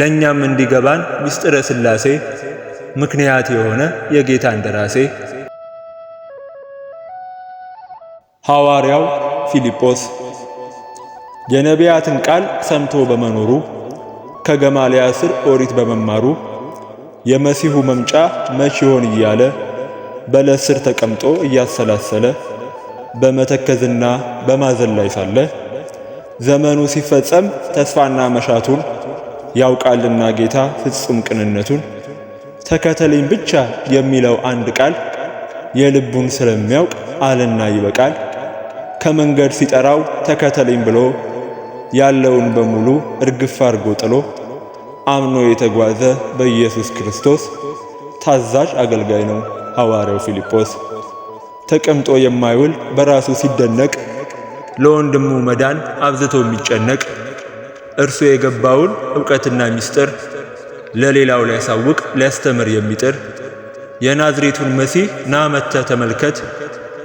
ለእኛም እንዲገባን ምስጢረ ሥላሴ ምክንያት የሆነ የጌታ እንደራሴ ሐዋርያው ፊልጶስ የነቢያትን ቃል ሰምቶ በመኖሩ ከገማልያ ስር ኦሪት በመማሩ የመሲሁ መምጫ መች ይሆን እያለ በለስ ስር ተቀምጦ እያሰላሰለ በመተከዝና በማዘን ላይ ሳለ ዘመኑ ሲፈጸም ተስፋና መሻቱን ያውቃልና ጌታ ፍጹም ቅንነቱን ተከተለኝ ብቻ የሚለው አንድ ቃል የልቡን ስለሚያውቅ አለና ይበቃል። ከመንገድ ሲጠራው ተከተለኝ ብሎ ያለውን በሙሉ እርግፍ አድርጎ ጥሎ አምኖ የተጓዘ በኢየሱስ ክርስቶስ ታዛዥ አገልጋይ ነው ሐዋርያው ፊልጶስ። ተቀምጦ የማይውል በራሱ ሲደነቅ ለወንድሙ መዳን አብዝቶ የሚጨነቅ እርሱ የገባውን ዕውቀትና ምስጢር ለሌላው ሊያሳውቅ ሊያስተምር የሚጥር የናዝሬቱን መሲህ ና መጥተህ ተመልከት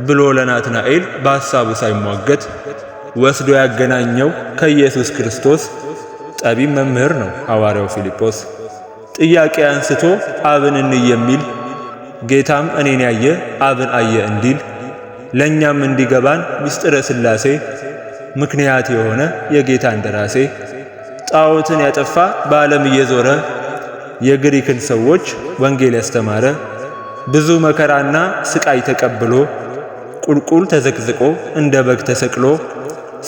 ብሎ ለናትናኤል በሐሳቡ ሳይሟገት ወስዶ ያገናኘው ከኢየሱስ ክርስቶስ ጠቢብ መምህር ነው ሐዋርያው ፊልጶስ። ጥያቄ አንስቶ አብን እንይ የሚል ጌታም እኔን ያየ አብን አየ እንዲል ለእኛም እንዲገባን ምስጢረ ሥላሴ ምክንያት የሆነ የጌታ እንደራሴ ጣዖትን ያጠፋ በዓለም እየዞረ የግሪክን ሰዎች ወንጌል ያስተማረ ብዙ መከራና ስቃይ ተቀብሎ ቁልቁል ተዘቅዝቆ እንደ በግ ተሰቅሎ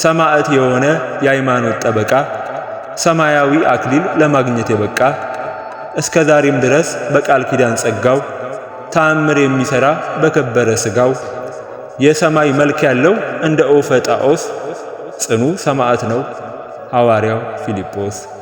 ሰማዕት የሆነ የሃይማኖት ጠበቃ ሰማያዊ አክሊል ለማግኘት የበቃ እስከ ዛሬም ድረስ በቃል ኪዳን ጸጋው ተአምር የሚሠራ በከበረ ሥጋው የሰማይ መልክ ያለው እንደ ኦፈ ጣዖስ ጽኑ ሰማዕት ነው። Alarel Filipos